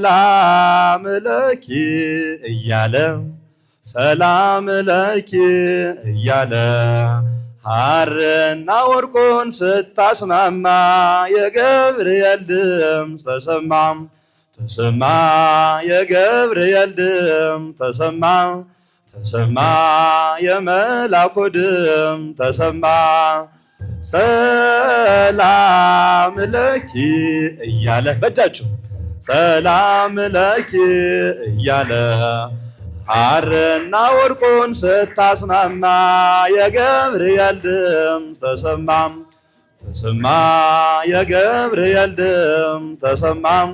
ሰላም ለኪ እያለ ሰላም ለኪ እያለ ሐርና ወርቁን ስታስማማ የገብርኤል ድምፅ ተሰማ ተሰማ የገብርኤል ድምፅ ተሰማ ተሰማ የመላኩ ድምፅ ተሰማ ሰላም ለኪ እያለ በጃችሁ ሰላም ለኪ እያለ ሐርና ወርቁን ስታስማማ የገብርኤል ድምፅ ተሰማም ተሰማ የገብርኤል ድምፅ ተሰማም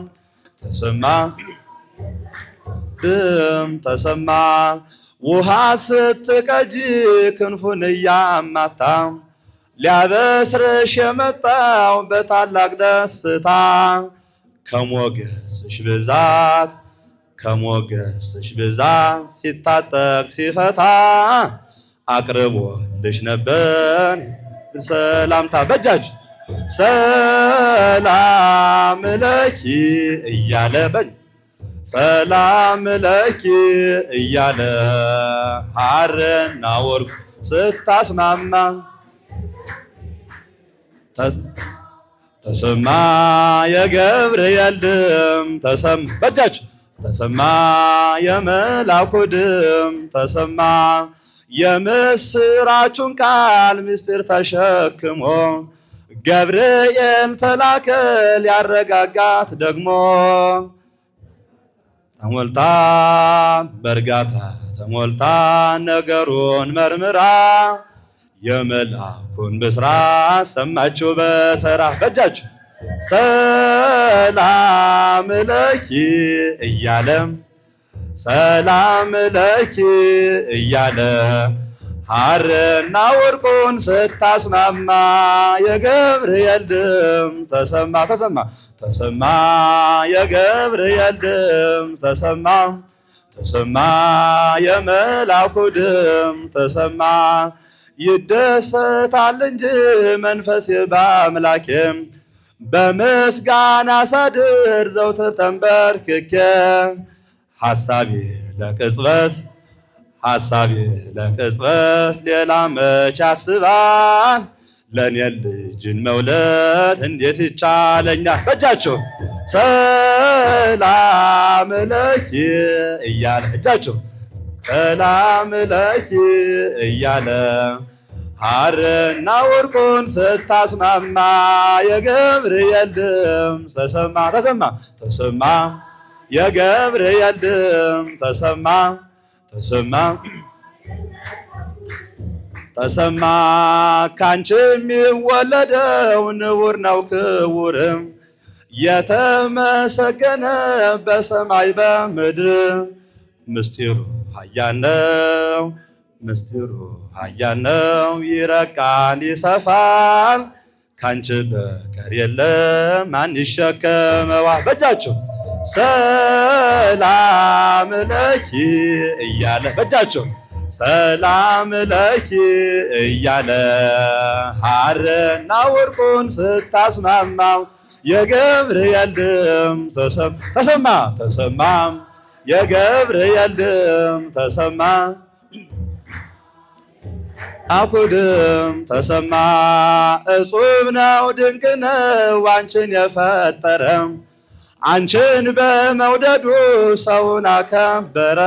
ተሰማ ድምፅ ተሰማ ውሃ ስትቀጂ ክንፉን እያማታ ሊያበስርሽ የመጣው በታላቅ ደስታ ከሞገስሽ ብዛት ከሞገስሽ ብዛት ሲታጠቅ ሲፈታ አቅርቦልሽ ነበር ሰላምታ በጃጅ ሰላም ለኪ እያለ በጅ ሰላም ለኪ እያለ ሐርና ወርቁ ስታስማማ ተሰማ የገብርኤል ድም ተሰማ በእጃችሁ ተሰማ የመላኩ ድም ተሰማ የምስራቹን ቃል ምስጢር ተሸክሞ ገብርኤል ተላከ ሊያረጋጋት ደግሞ ተሞልታ በእርጋታ ተሞልታ ነገሩን መርምራ የመልአኩን ብስራት ሰማችሁ በተራ በጃችሁ ሰላም ለኪ እያለም ሰላም ለኪ እያለ ሐርና ወርቁን ስታስማማ የገብርኤል ድምፅ ተሰማ ተሰማ ተሰማ የገብርኤል ድምፅ ተሰማ ተሰማ የመላኩ ድምፅ ተሰማ ይደሰታል እንጂ መንፈሴ በአምላኬ በምስጋና ሳድር ዘውትር ተንበርክኬ ሐሳቤ ለቅጽበት ሐሳቤ ለቅጽበት ሌላ መች አስባል ለእኔ ልጅን መውለድ እንዴት ይቻለኛል? በእጃችሁ ሰላም ለኪ እያለ እጃቸው ሰላም ለኪ እያለ ሐርና ወርቁን ስታስማማ የገብርኤል ድምፅ ተሰማ ተሰማ ተሰማ የገብርኤል ድምፅ ተሰማ ተሰማ ተሰማ ካንቺ የሚወለደው ንቡር ነው ክቡርም የተመሰገነ በሰማይ በምድር ምስጢሩ ኃያል ነው ምስጢሩ ኃያል ነው ይረቃል ይሰፋል ካንቺ በቀር የለም ማን ይሸከመዋ በእጃቸው ሰላም ለኪ እያለ በእጃቸው ሰላም ለኪ እያለ ሐርና ወርቁን ስታስማማው የገብርኤል ድምፅ ተሰማ ተሰማ የገብርኤል ድም ተሰማ፣ አኩድም ተሰማ። እጹብ ነው ድንቅ ነው አንችን የፈጠረ አንችን በመውደዱ ሰውን አከበረ።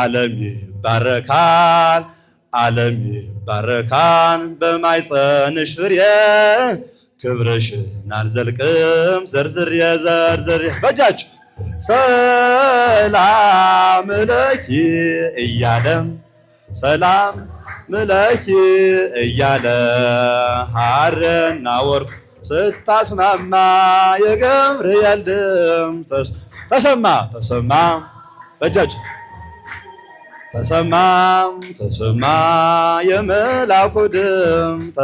ዓለም ይባረካል፣ ዓለም ይባረካል በማኅፀንሽ ፍሬ ክብርሽን አልዘልቅም ዘርዝሬ ዘርዝሬ በጃችሁ ሰላም ለኪ እያለ ሰላም ምለኪ እያለ ሐርና ወርቅ ስታስማማ የገብርኤል ድምፅ ተሰማ ተሰማ በጃጅ ተሰማም ተሰማ የመላኩ ድምፅ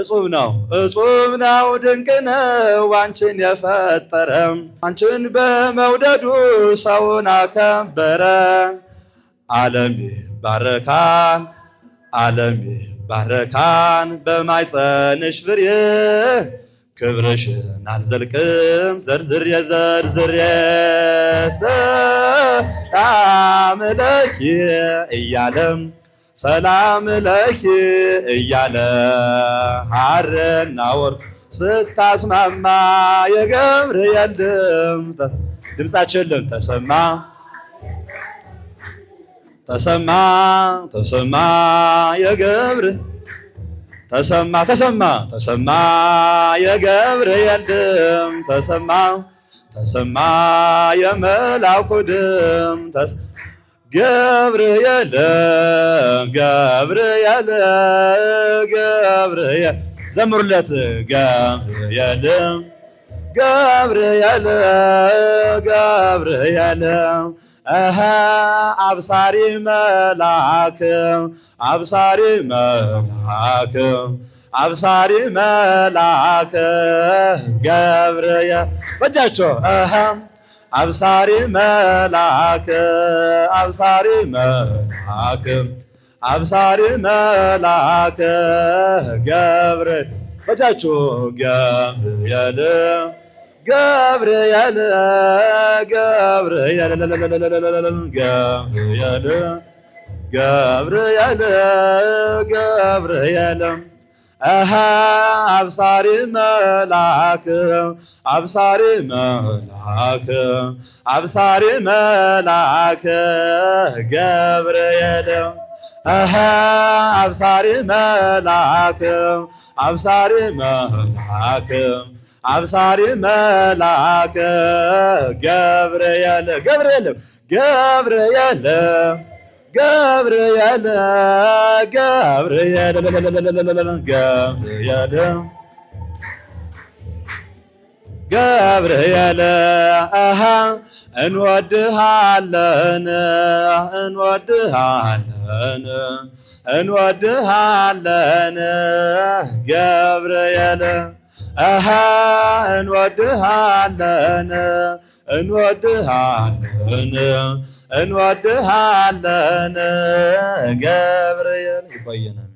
እጹብ ነው እጹብ ነው ድንቅ ነው አንቺን የፈጠረ አንቺን በመውደዱ ሰውን አከበረ። ዓለም ይባረካን ዓለም ይባረካን በማይጸንሽ ፍሬ ክብርሽን አልዘልቅም ዘርዝሬ ዘርዝሬ ሰላም ለኪ እያለም ሰላም ለኪ እያለ ሐርና ወርቅ ስታስማማ የገብርኤል ድምፅ ድምፃችንን ተሰማ ተሰማ ተሰማ የገብር ተሰማ ተሰማ ተሰማ የገብርኤል ድምፅ ተሰማ ተሰማ የመላኩ ድምፅ ገብርኤል ገብርኤል ገብርኤል ዘምሩለት ገብርኤል ገብርኤል ገብርኤል እኸ አብሳሪ መልአክ አብሳሪ መልአክ አብሳሪ መልአክ ገብርኤል በጃቸው አብሳሪ መላክ አብሳሪ መላክ አብሳሪ መላክ ገብርኤል በጃችሁ ገብርኤል ገብርኤል ገብርኤል ገብርኤል ገብርኤል ገብርኤል አብሳሪ መላክ አብሳሪ መላክ አብሳሪ መላክ ገብርኤል አብሳሪ መላክ አብሳሪ መላክ አብሳሪ መላክ ገብርኤል ገብርኤል ገብርኤል ገብርኤል ገብርኤል ገብርኤል ገብርኤል እንወድሃለን እንወድሃለን እንወድሃለን ገብርኤል እንወድሃለን እንወድሃለን እንወድሃለን ገብርኤል ይቆየናል።